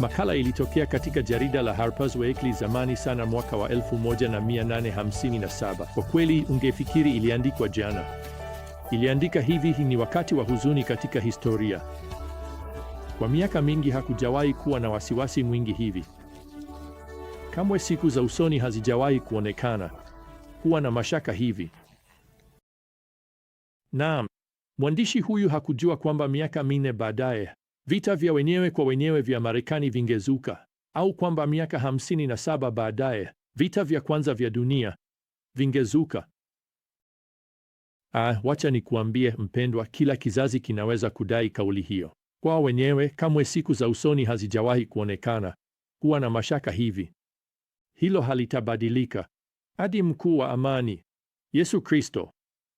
Makala ilitokea katika jarida la Harper's Weekly zamani sana mwaka wa 1857. Kwa kweli ungefikiri iliandikwa jana. Iliandika hivi, ni wakati wa huzuni katika historia. Kwa miaka mingi hakujawahi kuwa na wasiwasi mwingi hivi. Kamwe siku za usoni hazijawahi kuonekana kuwa na mashaka hivi. Naam, mwandishi huyu hakujua kwamba miaka minne baadaye vita vya wenyewe kwa wenyewe vya Marekani vingezuka au kwamba miaka hamsini na saba baadaye vita vya kwanza vya dunia vingezuka. Ah, wacha nikuambie mpendwa, kila kizazi kinaweza kudai kauli hiyo kwao wenyewe. Kamwe siku za usoni hazijawahi kuonekana kuwa na mashaka hivi. Hilo halitabadilika hadi mkuu wa amani Yesu Kristo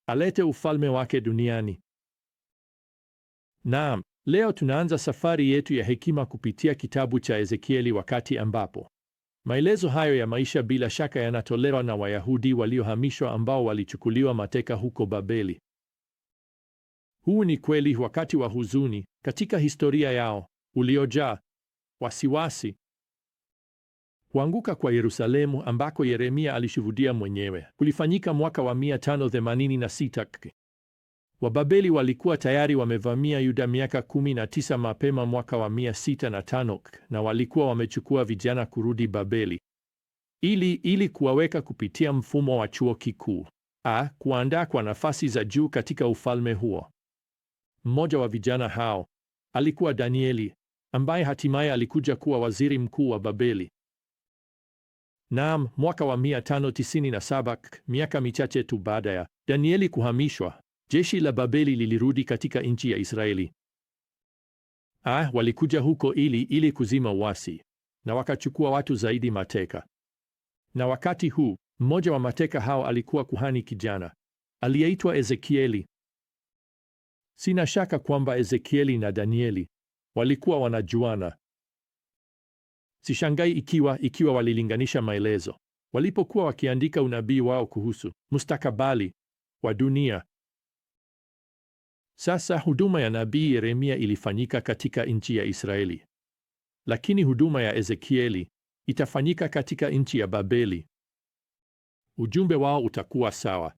alete ufalme wake duniani. Naam. Leo tunaanza safari yetu ya hekima kupitia kitabu cha Ezekieli, wakati ambapo maelezo hayo ya maisha bila shaka yanatolewa na Wayahudi waliohamishwa ambao walichukuliwa mateka huko Babeli. Huu ni kweli wakati wa huzuni katika historia yao uliojaa wasiwasi. Kuanguka kwa Yerusalemu ambako Yeremia alishuhudia mwenyewe kulifanyika mwaka wa 586. Wababeli walikuwa tayari wamevamia Yuda miaka kumi na tisa mapema mwaka wa mia sita na tano na walikuwa wamechukua vijana kurudi Babeli ili ili kuwaweka kupitia mfumo wa chuo kikuu a kuandaa kwa nafasi za juu katika ufalme huo. Mmoja wa vijana hao alikuwa Danieli ambaye hatimaye alikuja kuwa waziri mkuu wa Babeli. Naam, mwaka wa 597, miaka michache tu baada ya Danieli kuhamishwa Jeshi la Babeli lilirudi katika nchi ya Israeli. Ah, walikuja huko ili ili kuzima uasi na wakachukua watu zaidi mateka. Na wakati huu mmoja wa mateka hao alikuwa kuhani kijana aliyeitwa Ezekieli. Sina shaka kwamba Ezekieli na Danieli walikuwa wanajuana. Sishangai ikiwa ikiwa walilinganisha maelezo walipokuwa wakiandika unabii wao kuhusu mustakabali wa dunia. Sasa huduma ya nabii Yeremia ilifanyika katika nchi ya Israeli, lakini huduma ya Ezekieli itafanyika katika nchi ya Babeli. Ujumbe wao utakuwa sawa.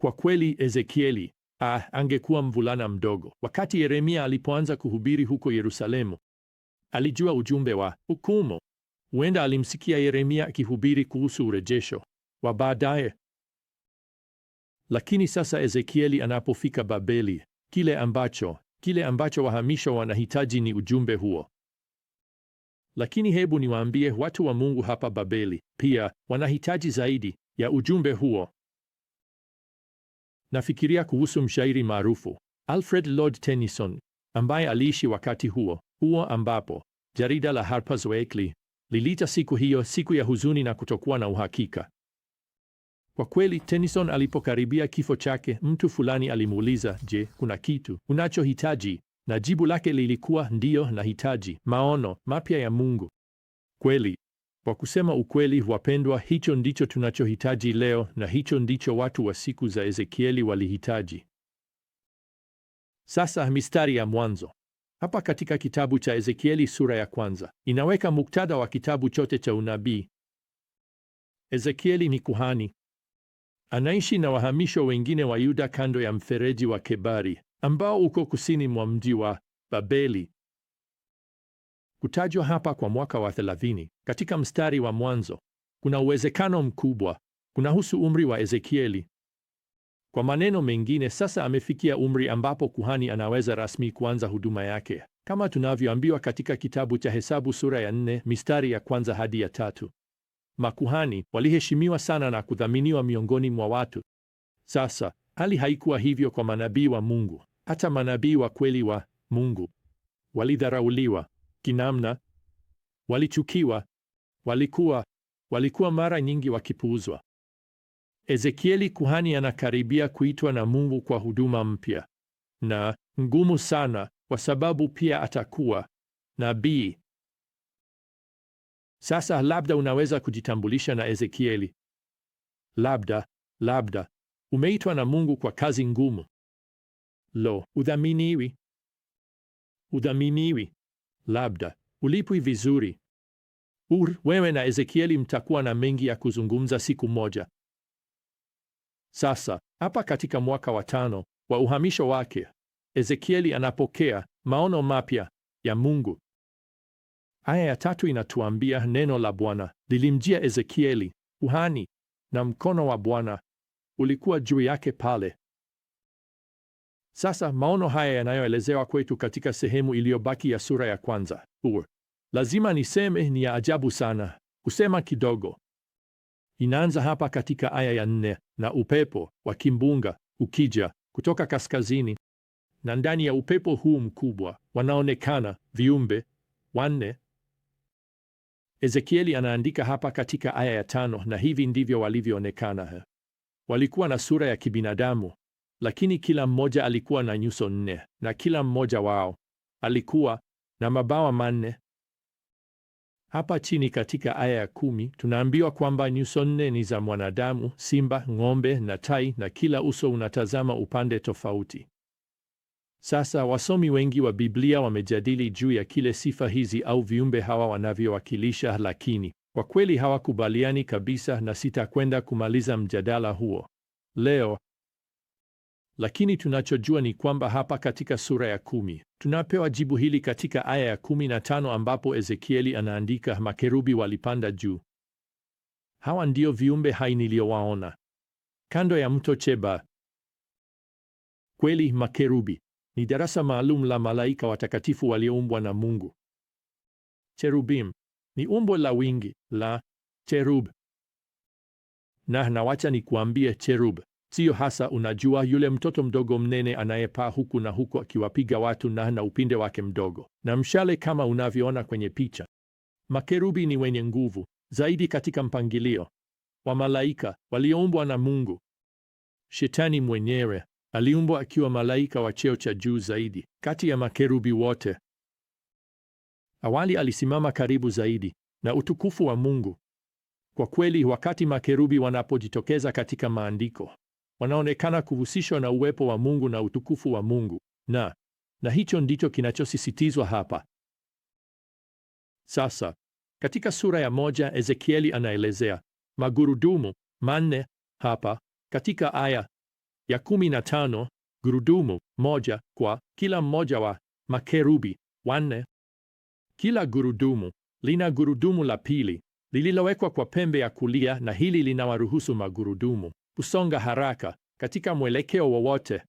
Kwa kweli, Ezekieli ah, angekuwa mvulana mdogo wakati Yeremia alipoanza kuhubiri huko Yerusalemu. Alijua ujumbe wa hukumu. Huenda alimsikia Yeremia akihubiri kuhusu urejesho wa baadaye. Lakini sasa Ezekieli anapofika Babeli, Kile ambacho kile ambacho wahamisho wanahitaji ni ujumbe huo. Lakini hebu niwaambie watu wa Mungu hapa Babeli pia wanahitaji zaidi ya ujumbe huo. Nafikiria kuhusu mshairi maarufu Alfred Lord Tennyson ambaye aliishi wakati huo huo ambapo jarida la Harper's Weekly liliita siku hiyo siku ya huzuni na kutokuwa na uhakika. Kwa kweli, Tennyson alipokaribia kifo chake, mtu fulani alimuuliza, "Je, kuna kitu unachohitaji?" Na jibu lake lilikuwa ndiyo, nahitaji maono mapya ya Mungu. Kweli, kwa kusema ukweli, wapendwa, hicho ndicho tunachohitaji leo, na hicho ndicho watu wa siku za Ezekieli walihitaji. Sasa mistari ya mwanzo hapa katika kitabu cha Ezekieli sura ya kwanza inaweka muktadha wa kitabu chote cha unabii. Ezekieli ni kuhani Anaishi na wahamisho wengine wa Yuda kando ya mfereji wa Kebari ambao uko kusini mwa mji wa Babeli. Kutajwa hapa kwa mwaka wa 30 katika mstari wa mwanzo kuna uwezekano mkubwa kunahusu umri wa Ezekieli. Kwa maneno mengine, sasa amefikia umri ambapo kuhani anaweza rasmi kuanza huduma yake, kama tunavyoambiwa katika kitabu cha Hesabu sura ya nne mistari ya kwanza hadi ya tatu. Makuhani waliheshimiwa sana na kudhaminiwa miongoni mwa watu. Sasa hali haikuwa hivyo kwa manabii wa Mungu. Hata manabii wa kweli wa Mungu walidharauliwa kinamna, walichukiwa, walikuwa walikuwa mara nyingi wakipuuzwa. Ezekieli kuhani anakaribia kuitwa na Mungu kwa huduma mpya na ngumu sana, kwa sababu pia atakuwa nabii. Sasa labda unaweza kujitambulisha na Ezekieli. Labda, labda umeitwa na Mungu kwa kazi ngumu. Lo, udhaminiwi, udhaminiwi, labda ulipwi vizuri. Ur, wewe na Ezekieli mtakuwa na mengi ya kuzungumza siku moja. Sasa hapa katika mwaka wa tano wa uhamisho wake, Ezekieli anapokea maono mapya ya Mungu. Aya ya tatu inatuambia neno la Bwana lilimjia Ezekieli kuhani, na mkono wa Bwana ulikuwa juu yake pale. Sasa maono haya yanayoelezewa kwetu katika sehemu iliyobaki ya sura ya kwanza u lazima niseme ni ya ajabu sana kusema kidogo. Inaanza hapa katika aya ya nne, na upepo wa kimbunga ukija kutoka kaskazini, na ndani ya upepo huu mkubwa wanaonekana viumbe wanne Ezekieli anaandika hapa katika aya ya tano, na hivi ndivyo walivyoonekana: walikuwa na sura ya kibinadamu, lakini kila mmoja alikuwa na nyuso nne, na kila mmoja wao alikuwa na mabawa manne. Hapa chini katika aya ya kumi tunaambiwa kwamba nyuso nne ni za mwanadamu, simba, ng'ombe na tai, na kila uso unatazama upande tofauti. Sasa wasomi wengi wa Biblia wamejadili juu ya kile sifa hizi au viumbe hawa wanavyowakilisha, lakini kwa kweli hawakubaliani kabisa, na sitakwenda kumaliza mjadala huo leo. Lakini tunachojua ni kwamba hapa katika sura ya kumi tunapewa jibu hili katika aya ya kumi na tano ambapo Ezekieli anaandika, makerubi walipanda juu. Hawa ndio viumbe hai niliyowaona kando ya mto Cheba. Kweli makerubi ni darasa maalum la malaika watakatifu walioumbwa na Mungu. Cherubim ni umbo la wingi la cherub, na nawacha kuambie cherub siyo hasa, unajua, yule mtoto mdogo mnene anayepaa huku na huku akiwapiga watu na na upinde wake mdogo na mshale kama unavyoona kwenye picha. Makerubi ni wenye nguvu zaidi katika mpangilio wa malaika walioumbwa na Mungu. Shetani mwenyewe aliumbwa akiwa malaika wa cheo cha juu zaidi kati ya makerubi wote. Awali alisimama karibu zaidi na utukufu wa Mungu. Kwa kweli, wakati makerubi wanapojitokeza katika maandiko, wanaonekana kuhusishwa na uwepo wa Mungu na utukufu wa Mungu, na na hicho ndicho kinachosisitizwa hapa. Sasa katika sura ya moja Ezekieli anaelezea magurudumu manne hapa katika aya ya kumi na tano gurudumu moja kwa kila mmoja wa makerubi wanne. Kila gurudumu lina gurudumu la pili lililowekwa kwa pembe ya kulia, na hili linawaruhusu magurudumu kusonga haraka katika mwelekeo wowote.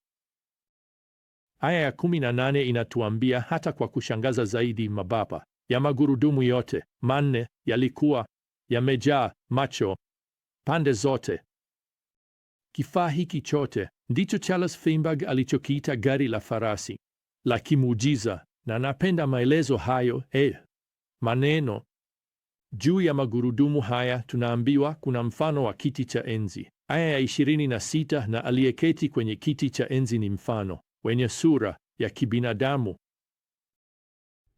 Aya ya 18 inatuambia hata kwa kushangaza zaidi, mabapa ya magurudumu yote manne yalikuwa yamejaa macho pande zote. Kifaa hiki chote ndicho Charles Feinberg alichokiita gari la farasi la kimuujiza, na napenda maelezo hayo eh, maneno juu ya magurudumu haya. Tunaambiwa kuna mfano wa kiti cha enzi aya ya 26, na aliyeketi kwenye kiti cha enzi ni mfano wenye sura ya kibinadamu.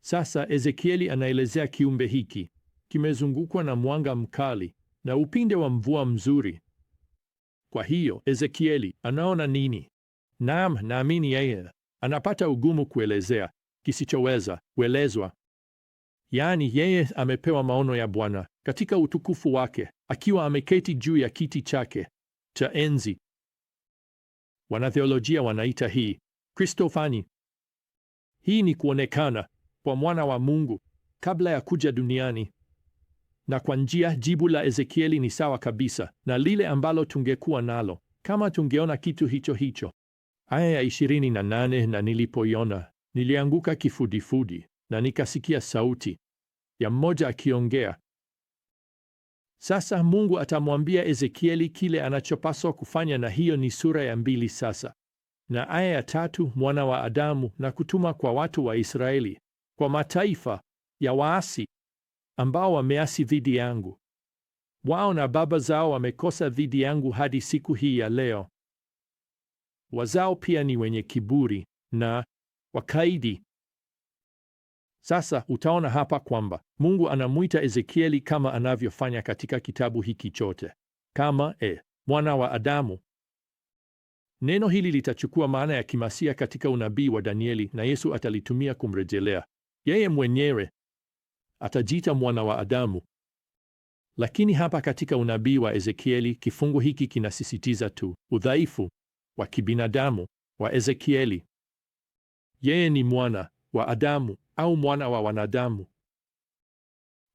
Sasa Ezekieli anaelezea kiumbe hiki kimezungukwa na mwanga mkali na upinde wa mvua mzuri kwa hiyo Ezekieli anaona nini? Naam, naamini yeye anapata ugumu kuelezea kisichoweza kuelezwa. Yaani, yeye amepewa maono ya Bwana katika utukufu wake akiwa ameketi juu ya kiti chake cha enzi. Wanatheolojia wanaita hii Kristofani. Hii ni kuonekana kwa mwana wa Mungu kabla ya kuja duniani. Na kwa njia, jibu la Ezekieli ni sawa kabisa na lile ambalo tungekuwa nalo kama tungeona kitu hicho hicho. Aya ya 28: na nilipoiona nilianguka kifudifudi, na nikasikia sauti ya mmoja akiongea. Sasa Mungu atamwambia Ezekieli kile anachopaswa kufanya, na hiyo ni sura ya mbili sasa na aya ya tatu: mwana wa Adamu, na kutuma kwa watu wa Israeli, kwa mataifa ya waasi ambao wameasi dhidi yangu. Wao na baba zao wamekosa dhidi yangu hadi siku hii ya leo. Wazao pia ni wenye kiburi na wakaidi. Sasa utaona hapa kwamba Mungu anamuita Ezekieli kama anavyofanya katika kitabu hiki chote, kama e, mwana wa Adamu. Neno hili litachukua maana ya kimasia katika unabii wa Danieli na Yesu atalitumia kumrejelea yeye mwenyewe atajiita mwana wa Adamu. Lakini hapa katika unabii wa Ezekieli, kifungu hiki kinasisitiza tu udhaifu wa kibinadamu wa Ezekieli. Yeye ni mwana wa Adamu au mwana wa wanadamu,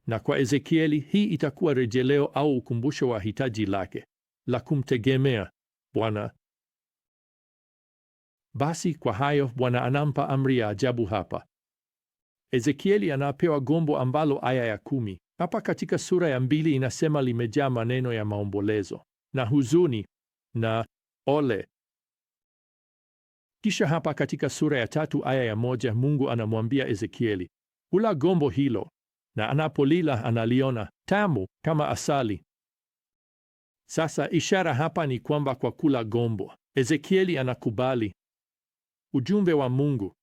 na kwa Ezekieli hii itakuwa rejeleo au ukumbusho wa hitaji lake la kumtegemea Bwana. Basi kwa hayo Bwana anampa amri ya ajabu hapa. Ezekieli anapewa gombo ambalo aya ya kumi hapa katika sura ya mbili inasema limejaa maneno ya maombolezo na huzuni na ole. Kisha hapa katika sura ya tatu aya ya moja Mungu anamwambia Ezekieli kula gombo hilo, na anapolila analiona tamu kama asali. Sasa ishara hapa ni kwamba kwa kula gombo Ezekieli anakubali ujumbe wa Mungu.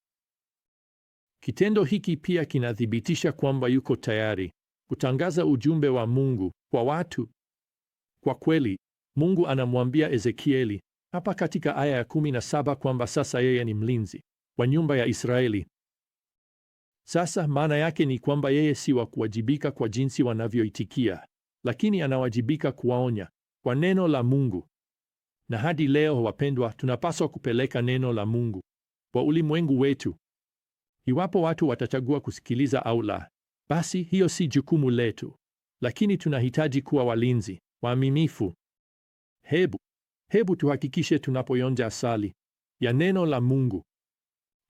Kitendo hiki pia kinathibitisha kwamba yuko tayari kutangaza ujumbe wa Mungu kwa watu. Kwa kweli, Mungu anamwambia Ezekieli hapa katika aya ya 17 kwamba sasa yeye ni mlinzi wa nyumba ya Israeli. Sasa maana yake ni kwamba yeye si wa kuwajibika kwa jinsi wanavyoitikia, lakini anawajibika kuwaonya kwa neno la Mungu. Na hadi leo, wapendwa, tunapaswa kupeleka neno la Mungu kwa ulimwengu wetu. Iwapo watu watachagua kusikiliza au la, basi hiyo si jukumu letu, lakini tunahitaji kuwa walinzi waaminifu. Hebu hebu tuhakikishe tunapoyonja asali ya neno la Mungu,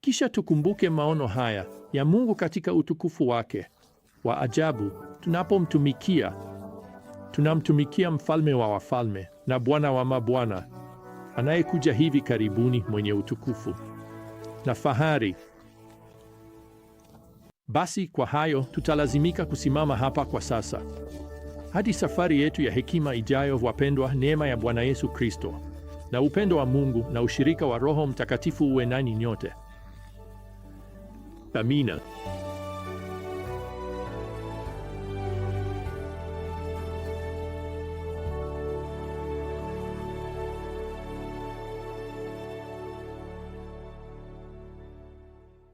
kisha tukumbuke maono haya ya Mungu katika utukufu wake wa ajabu. Tunapomtumikia, tunamtumikia mfalme wa wafalme na Bwana wa mabwana anayekuja hivi karibuni, mwenye utukufu na fahari. Basi kwa hayo tutalazimika kusimama hapa kwa sasa. Hadi safari yetu ya hekima ijayo, wapendwa, neema ya Bwana Yesu Kristo na upendo wa Mungu na ushirika wa Roho Mtakatifu uwe nani nyote. Amina.